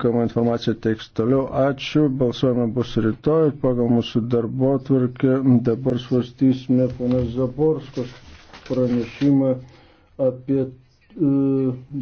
Kamą informaciją teiks toliau. Ačiū. Balsuojame bus rytoj. Pagal mūsų darbo tvarkę dabar svarstysime ponas Zaborskos pranešimą apie e,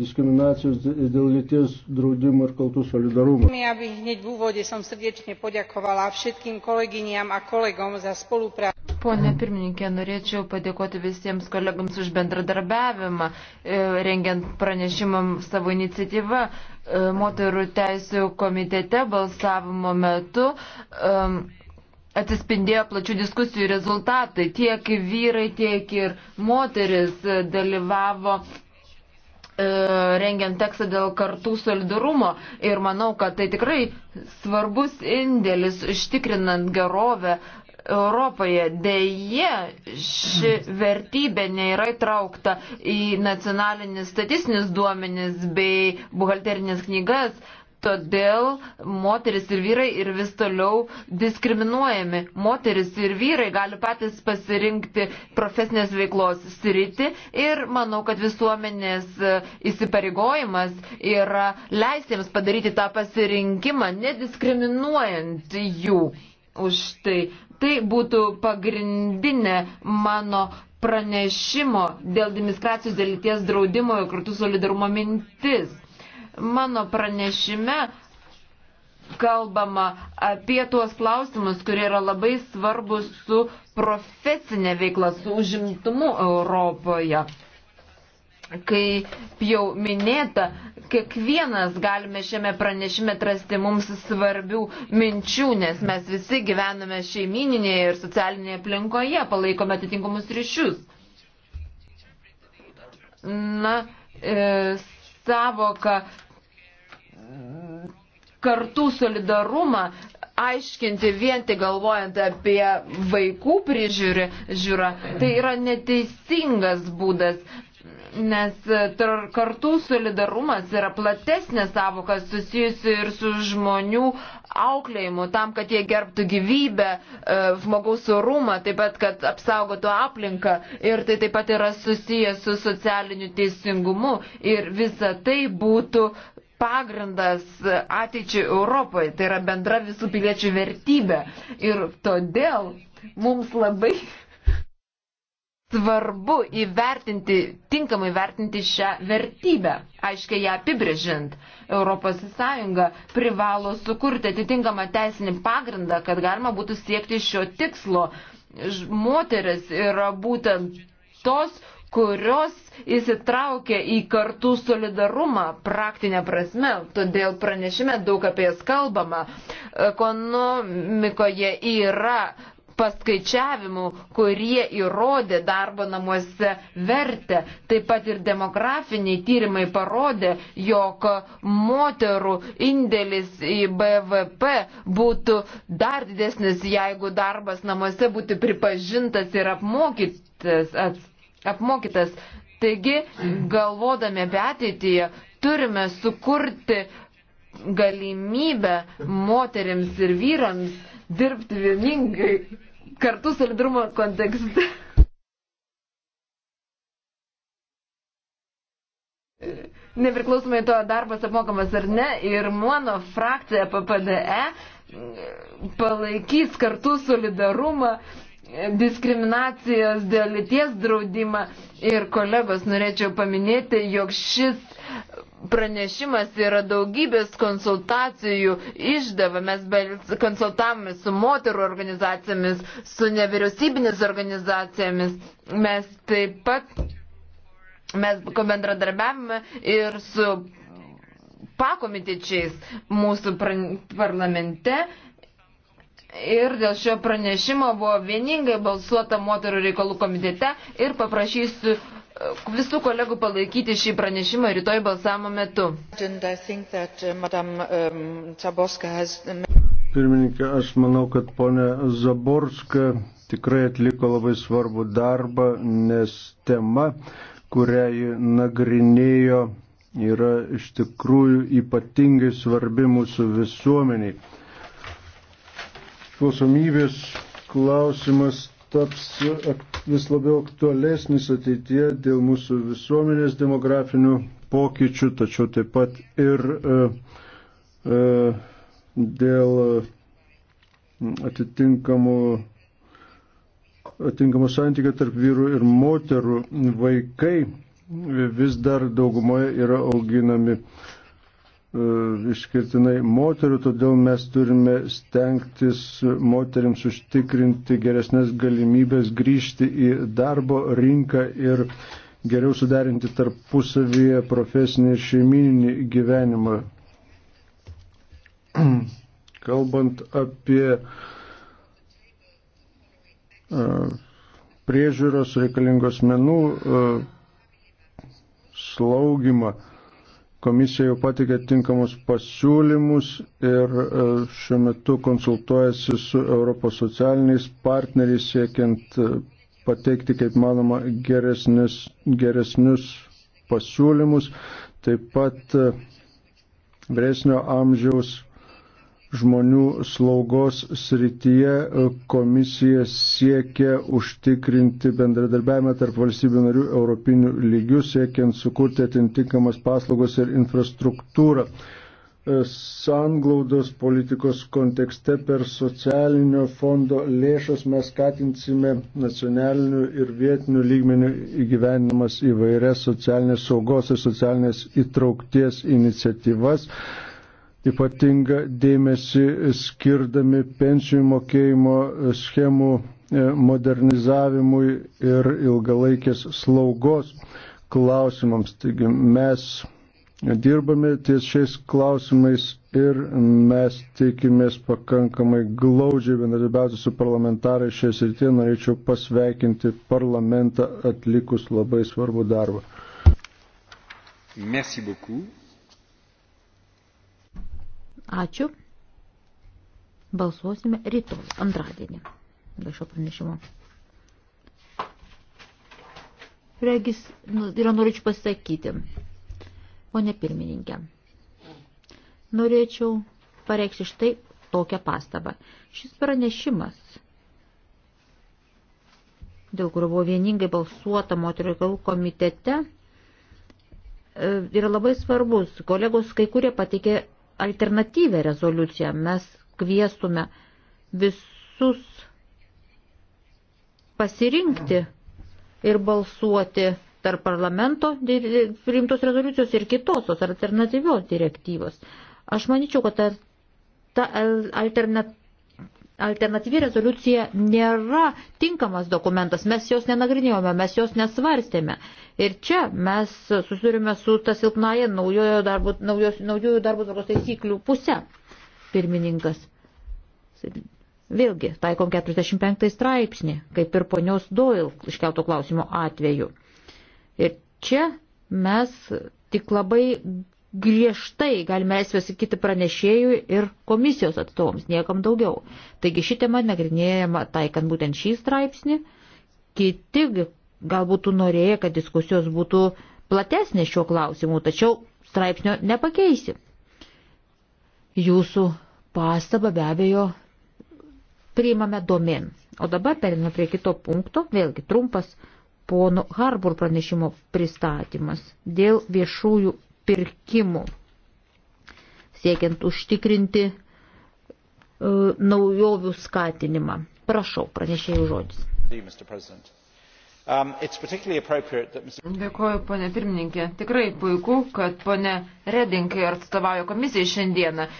diskriminacijos dėl lyties draudimo ir kaltų solidarumą. Ja bych hneď v úvode som srdečne poďakovala všetkým kolegyniam a kolegom za spoluprácu. Pone pirmininkė, norėčiau padėkoti visiems kolegams už bendradarbiavimą, e, rengiant pranešimam savo iniciatyvą. E, moterų teisų komitete balsavimo metu e, atsispindėjo plačių diskusijų rezultatai. Tiek vyrai, tiek ir moteris dalyvavo rengiant tekstą dėl kartų solidarumo ir manau, kad tai tikrai svarbus indėlis ištikrinant gerovę Europoje. Deja, ši vertybė nėra įtraukta į nacionalinis statistinis duomenis bei buhalterinės knygas. Todėl moteris ir vyrai ir vis toliau diskriminuojami. Moteris ir vyrai gali patys pasirinkti profesinės veiklos sritį ir manau, kad visuomenės įsipareigojimas yra leistiems padaryti tą pasirinkimą, nediskriminuojant jų. Už tai Tai būtų pagrindinė mano pranešimo dėl administracijos dėl lyties draudimo ir kartu solidarumo mintis. Mano pranešime kalbama apie tuos klausimus, kurie yra labai svarbus su profesinė veikla, su užimtumu Europoje. Kaip jau minėta, kiekvienas galime šiame pranešime atrasti mums svarbių minčių, nes mes visi gyvename šeimininėje ir socialinėje aplinkoje, palaikome atitinkamus ryšius. Na, e, savoka kartų solidarumą aiškinti vien tik galvojant apie vaikų prižiūrį, žiūrą, tai yra neteisingas būdas nes e, kartų solidarumas yra platesnė savoka susijusi ir su žmonių auklėjimu, tam, kad jie gerbtų gyvybę, e, žmogaus orumą, taip pat, kad apsaugotų aplinką ir tai taip pat yra susiję su socialiniu teisingumu ir visa tai būtų pagrindas ateičiai Europoje, tai yra bendra visų piliečių vertybė ir todėl mums labai svarbu įvertinti, tinkamai vertinti šią vertybę, aiškiai ją apibrėžint. ES privalo sukurti atitinkamą teisinį pagrindą, kad galima būtų siekti šio tikslo. Moteris yra būtent tos, kurios įsitraukia į kartų solidarumą praktinę prasme, todėl pranešime daug apie jas kalbama. Ekonomikoje yra paskaičiavimų, kurie įrodė darbo namuose vertę. Taip pat ir demografiniai tyrimai parodė, jog moterų indėlis į BVP būtų dar didesnis, jeigu darbas namuose būtų pripažintas ir apmokytas. Ats, apmokytas. Taigi, galvodami apie ateitį, turime sukurti galimybę moteriams ir vyrams dirbti vieningai kartu solidarumo kontekste. Nepriklausomai to darbas apmokamas ar ne, ir mano frakcija PPDE palaikys kartu solidarumą, diskriminacijos dėl lyties draudimą. Ir kolegos, norėčiau paminėti, jog šis pranešimas yra daugybės konsultacijų išdava. Mes konsultavome su moterų organizacijomis, su nevyriausybinės organizacijomis. Mes taip pat mes bendradarbiavome ir su pakomitečiais mūsų parlamente. Ir dėl šio pranešimo buvo vieningai balsuota moterų reikalų komitete ir paprašysiu visų kolegų palaikyti šį pranešimą rytoj balsavimo metu. Uh, um, Pirmininkė, aš manau, kad ponė Zaborska tikrai atliko labai svarbų darbą, nes tema, kurią ji nagrinėjo, yra iš tikrųjų ypatingai svarbi mūsų visuomeniai. Klausomybės klausimas taps vis labiau aktualesnis ateitie dėl mūsų visuomenės demografinių pokyčių, tačiau taip pat ir e, e, dėl atitinkamų atitinkamo santykio tarp vyrų ir moterų vaikai vis dar daugumoje yra auginami E, išskirtinai moterių, todėl mes turime stengtis moteriams užtikrinti geresnės galimybės grįžti į darbo rinką ir geriau suderinti tarpusavyje profesinį ir šeimininį gyvenimą. Kalbant apie e, priežiūros reikalingos menų e, slaugimą, Komisija jau patikė tinkamus pasiūlymus ir e, šiuo metu konsultuojasi su Europos socialiniais partneriais siekiant e, pateikti kaip manoma geresnis, geresnius pasiūlymus. Taip pat e, vyresnio amžiaus žmonių slaugos srityje e, komisija siekia užtikrinti bendradarbiavimą tarp valstybių narių europinių lygių, siekiant sukurti atitinkamas paslaugos ir infrastruktūrą. E, sanglaudos politikos kontekste per socialinio fondo lėšas mes skatinsime nacionalinių ir vietinių lygmenių įgyvenimas įvairias socialinės saugos ir socialinės įtraukties iniciatyvas ypatingą dėmesį skirdami pensijų mokėjimo e, schemų e, modernizavimui ir ilgalaikės slaugos klausimams. Taigi mes dirbame ties šiais klausimais ir mes tikimės pakankamai glaudžiai bendradarbiauti su parlamentarai šiais ir tie norėčiau pasveikinti parlamentą atlikus labai svarbų darbą. Merci beaucoup. Ačiū. Balsuosime rytoj, antradienį. Dėl šio pranešimo. Regis, nu, yra norėčiau pasakyti, ponė pirmininkė, norėčiau pareikšti štai tokią pastabą. Šis pranešimas, dėl kurio buvo vieningai balsuota moterų reikalų komitete, e, yra labai svarbus. Kolegos kai kurie patikė alternatyvę rezoliuciją. Mes kviestume visus pasirinkti ir balsuoti tarp parlamento priimtos rezoliucijos ir kitosios alternatyvios direktyvos. Aš manyčiau, kad ta, ta alternatyva alternatyvi rezoliucija nėra tinkamas dokumentas, mes jos nenagrinėjome, mes jos nesvarstėme. Ir čia mes susidurime su ta silpnaja naujojo darbo, naujos, naujojų darbo tvarkos taisyklių pusė, pirmininkas. Vėlgi, taikom 45 straipsnį, kaip ir ponios Doyle iškelto klausimo atveju. Ir čia mes tik labai griežtai galime leisti pasakyti pranešėjui ir komisijos atstovams, niekam daugiau. Taigi ši tema nagrinėjama taikant būtent šį straipsnį. Kiti galbūt norėjo, kad diskusijos būtų platesnės šiuo klausimu, tačiau straipsnio nepakeisi. Jūsų pastabą be abejo priimame domin. O dabar periname prie kito punkto, vėlgi trumpas pono Harbur pranešimo pristatymas dėl viešųjų pirkimų, siekiant užtikrinti e, naujovių skatinimą. Prašau, pranešėjų žodis. Um, Dėkuoju, ponė pirmininkė. Tikrai puiku, kad ponė Redinkai atstovauja komisijai šiandieną.